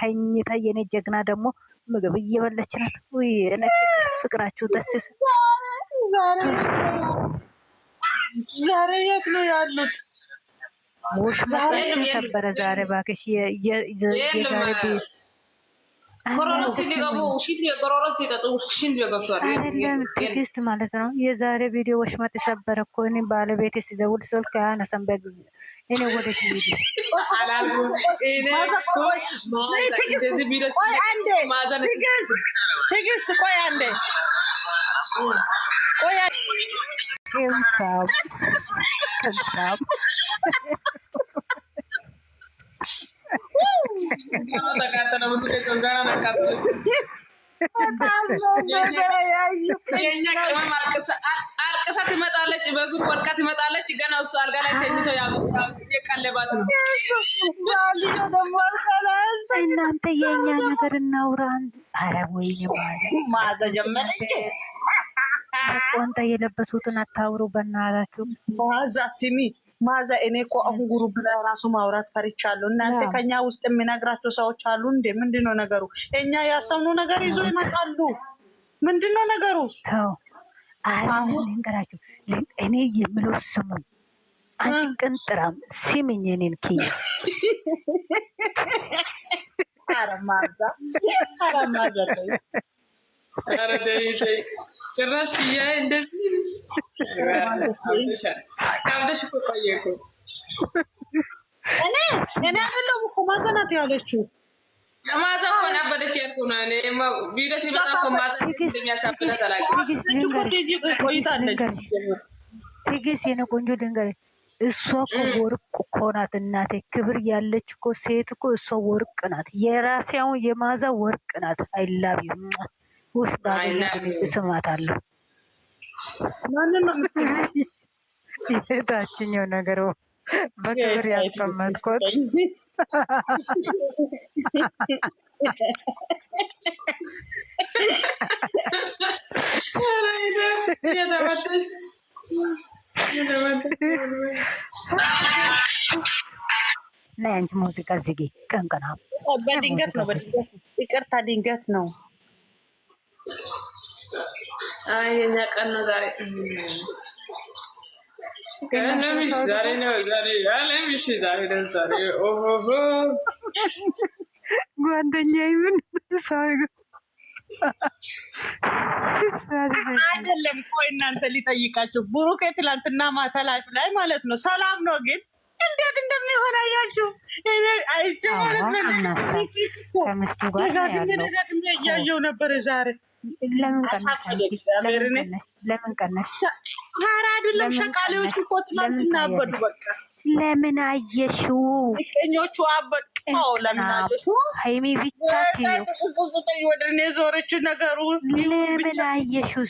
ተኝታ የኔ ጀግና ደግሞ ምግብ እየበለች ናት። ውይ ፍቅራችሁ ደስ ዛሬ የት ነው ያሉት? ሙሽ ሰበረ ዛሬ ባክሽ የዛሬ ቤት ኮሮሮስ ሊገቡ ማለት ነው። የዛሬ ቪዲዮ ወሽመጥ የሰበረ እኮ እኔ ባለቤቴ ሲደውል ስልክ አያነሳም። በጊዜ እኔ ወደ ትዕግስት ቆይ አንዴ ቆይ የእኛ ቅመም አልቅሳ ትመጣለች፣ በእግር ወድቃ ትመጣለች። ገና እሱ አልጋ ላይ ተኝቶ የቀለባት ነው። እናንተ የእኛ ነገር እናውራን። አረ ወይ ማዘ ጀመረች። ቆንጣ የለበሱትን አታውሩ በናላችሁ። ማዛ ሲሚ ማዛ እኔ እኮ አሁን ጉሩብ ላይ ራሱ ማውራት ፈርቻለሁ። እናንተ ከኛ ውስጥ የሚነግራቸው ሰዎች አሉ እንዴ? ምንድነው ነገሩ? እኛ ያሰኑ ነገር ይዞ ይመጣሉ። ምንድነው ነገሩ? ነገራቸው እኔ የምለው ስሙ አንቺ ቀን ጥራም ሲምኝ እኔን ኪ አረ ማዛ ማዛ ጭራሽ ክያዬ እንደዚህ እኔ እኔ አይደለሁም እኮ ማዘ ናት ያለችው። ማዘ እኮ ነበረች ነው። ቆይታለች የኔ ቆንጆ እሷ እኮ ወርቅ እኮ ናት እናቴ። ክብር ያለች እኮ ሴት እኮ እሷ ወርቅ ናት። የማዛ ወርቅ ናት። አይላቢ ውስጥ እስማታለሁ። የታችኛው ነገር በክብር ያስቀመጥኩት ናይ አንቺ ሙዚቃ ዝጊ ቀንቀና በድንገት ነው። ይቅርታ ድንገት ነው። አይ የእኛ ጓደኛዬ ምን ሰው አይደለም። ቆይ እናንተ ሊጠይቃችሁ ብሩኬ ትላንትና ማታ ላይፍ ላይ ማለት ነው ሰላም ነው ግን እንዴት እንደሚሆን አያችሁ። አይቼ ማለት ነው ደጋግሜ ደጋግሜ እያየው ነበር ዛሬ ለምን ቀነሽ? ኧረ አይደለም ሸቃሌዎቹ እኮ ትናንትና አበዱ። በቃ ለምን አየሽው? ቀኞቹ አበዱ። ለምን ሀይሚ ብቻ ወደ እኔ ዞረችው። ነገሩ ለምን አየሽው?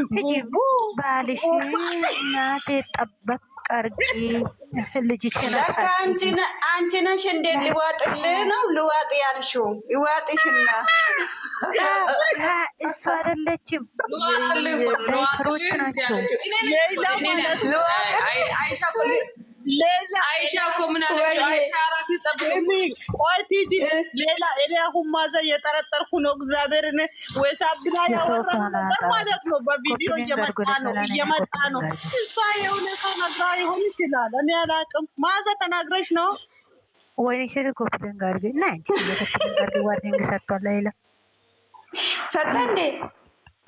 እሱ ባልሽ እናቴ ጠበቅ አርጊ ልጅሽን። አንቺ ነሽ እንዴ ልዋጥልህ ነው ልዋጥ ያልሽው? ይዋጥሽና እሱ አይደለችም ሮች ናቸው ሌላ አይሻ እኮ ምን አለች? አይሻ ራሴ ቆይ ቲጂ ሌላ እኔ አሁን ነው። እግዚአብሔርን ያወራ ማለት ነው። በቪዲዮ እየመጣ ነው እየመጣ ነው። እሷ የሆነ ሰው ነግራ ይሆን ይችላል። እኔ አላቅም። ተናግረሽ ነው ዋርኒንግ ሰጥቷል። ሌላ ሰጠ እንዴ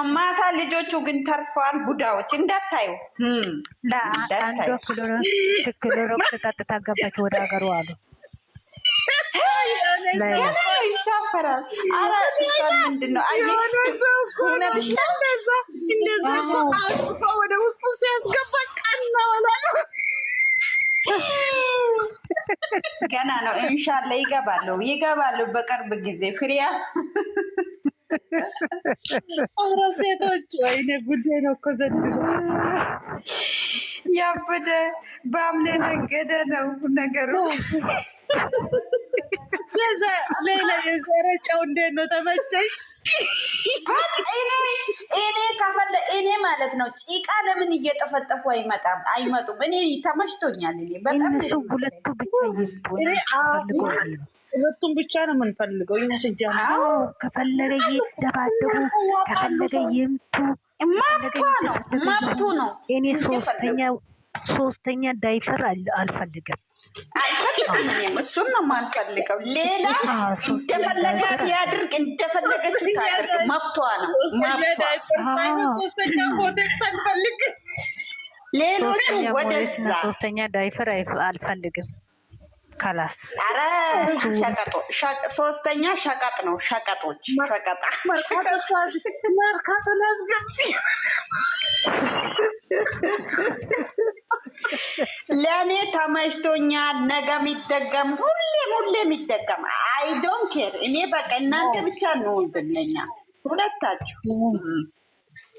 ነው። ማታ ልጆቹ ግን ተርፈዋል። ቡዳዎች እንዳታዩ ክሎሮክስ ገባች ወደ ሀገሩ አሉ። ገና ይሳፈራል። ኧረ እሷ ምንድን ነው አየሽ? እውነትሽ ነው። ወደ ውስጡ ሲያስገባ ገና ነው። በቅርብ ጊዜ ፍሪያ ኧረ ሴቶች ወይኔ ጉዴ ነው እኮ ዘንድሮ ያበደ በአምሌ ነገደ ነው ነገሩ። ሌላ የዘረ ጨው እንዴት ነው ተመቸሽ? እኔ ከፈለ እኔ ማለት ነው ጭቃ ለምን እየጠፈጠፉ አይመጣም አይመጡም? እኔ ተመችቶኛል። እኔ በጣም ሁለቱ ብቻ ሁለቱም ብቻ ነው የምንፈልገው። ከፈለገ ይደባደቡ፣ ከፈለገ ይምቱ፣ ማብቷ ነው ማብቱ ነው። እኔ ሶስተኛ ሶስተኛ ዳይፈር አልፈልግም አልፈልግም። እሱም ነው የማንፈልገው። ሌላ እንደፈለጋት ያድርግ፣ እንደፈለገች ታድርግ። መብቷ ነው ማብቷ። ሌሎቹ ወደዛ ሶስተኛ ዳይፈር አልፈልግም። ከላስ አረ ሸቀጦ ሶስተኛ ሸቀጥ ነው። ሸቀጦች ሸቀጣ መርካቶ ላስገቢ ለእኔ ተመችቶኛል። ነገ የሚደገም ሁሌ ሁሌ ይደገም። አይ ዶንት ኬር እኔ በቃ እናንተ ብቻ ነው ብለኛ ሁለታችሁ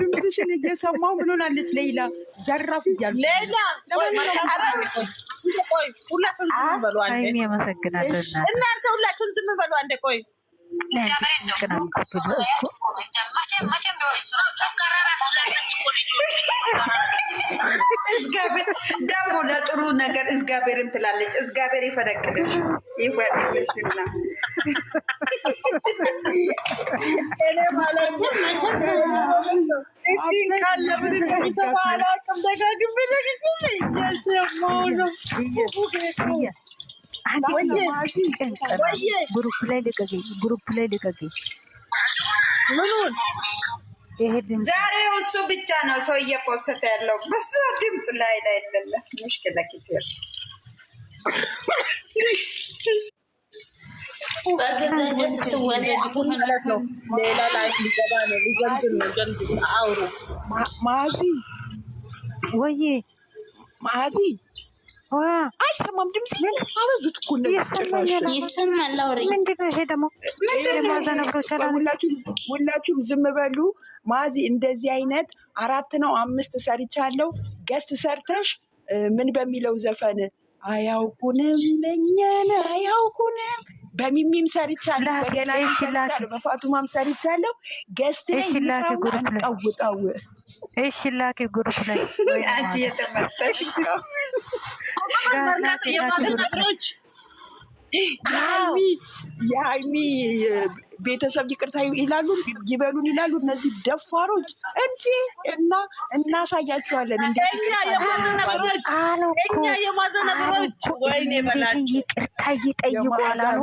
ድምፅሽን እየሰማው ምን ሆናለች ሌላ ዘራፍ እያሉ እናንተ ሁላችሁም ዝም በሉ አንዴ ቆይ እግዚአብሔር ደግሞ ለጥሩ ነገር እግዚአብሔር እንትላለች። እግዚአብሔር ይፈረቅልሽ ይፈቅልሽና እኔ ማለት ግሩፕ ላይ ልቀቂ፣ ግሩፕ ላይ ልቀቂ ምኑን ዛሬ እሱ ብቻ ነው ሰው እየፖስት ያለው በሱ ድምፅ ላይ ላይ አይደለ ሙሽክለ ኪቴር ማዚ ወይ ማዚ አይሰማም ድምፅ አበዙት እኮ ሁላችሁም ዝም በሉ። ማዚ እንደዚህ አይነት አራት ነው አምስት ሰርቻለሁ። ገስት ሰርተሽ ምን በሚለው ዘፈን አያውቁንም እኛን አያውቁንም በሚሚም ሰርቻለሁ፣ በገና ሰርቻለሁ፣ በፋቱማም ሰርቻለሁ። ገስት ላይ ሚሰራውን አንቀውጠው እሺ ላኪ ጉሩፕ ላይ የሀይሚ ቤተሰብ ይቅርታ ይላሉ ይበሉን ይላሉ። እነዚህ ደፋሮች እንዴ! እና እናሳያቸዋለን። እንዴ የማዘነብሮች በላቸው ይቅርታ ይጠይቋል አሉ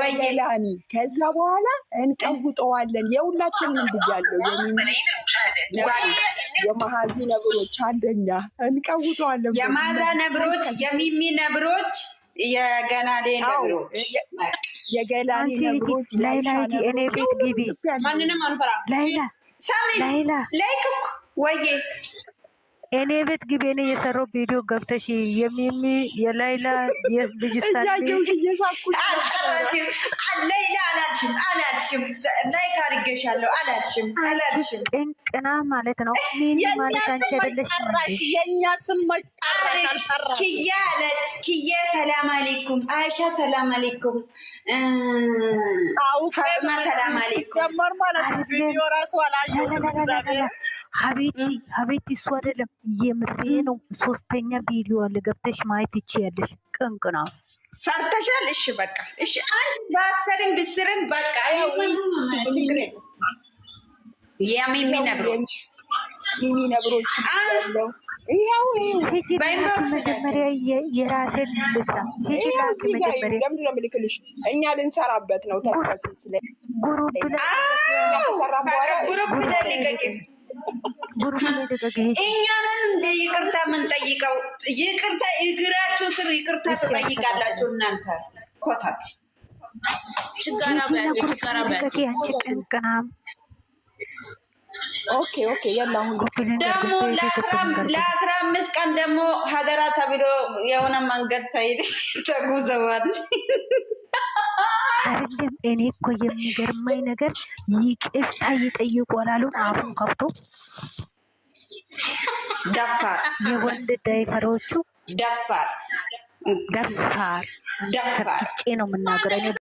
ወይላኒ ከዛ በኋላ እንቀውጠዋለን። የሁላችንም ብያለሁ። የማሀዚ ነብሮች አንደኛ እንቀውጠዋለን። የማዛ ነብሮች፣ የሚሚ ነብሮች፣ የገናዴ ነብሮች፣ የገላኒ ነብሮች። ላይላ እኔ ቤት ግቢ፣ ማንንም አንፈራ። ላይላ ላይክ ወይ እኔ ቤት ግቢ እኔ የሰራው ቪዲዮ ገብተሽ የሚሚ የላይላ ልጅስታእያየውሽ ማለት ነው። ሚኒ ማለት አንቺ አይደለሽ። ስም ክያ አለች። ክያ ሰላም አሌይኩም፣ አይሻ ሰላም አሌይኩም፣ ፋጥማ ሰላም አሌይኩም ጀመር ማለት ቪዲዮ ራሱ አላየሁም። አቤት አቤት እሱ አይደለም የምሬ ነው። ሶስተኛ ቪዲዮ አለ ገብተሽ ማየት ይችያለሽ። ነው ሰርተሻል። እሺ በቃ እሺ፣ አንቺ በአሰርም ብስርም በቃ ችግር መጀመሪያ የራሴን ልሳ እኛ ልንሰራበት ነው ተከስ ጉሩብ ላይ ሰራ ጉሩብ ላይ እኛንን እንደ ይቅርታ የምንጠይቀው ይቅርታ እግራችሁ ስር ይቅርታ ትጠይቃላችሁ እናንተ ኮታት ደግሞ ለአስራ አምስት ቀን ደግሞ ሀደራ ተብሎ የሆነ መንገድ ተጉዘዋል። አይደለም እኔ እኮ የሚገርመኝ ነገር ይቅርታ ይጠይቁ አላሉን አፉን ከፍቶ ደፋር የወንድ ዳይፐሮቹ ደፋር ደፋር ደፋር ነው የምናገረው።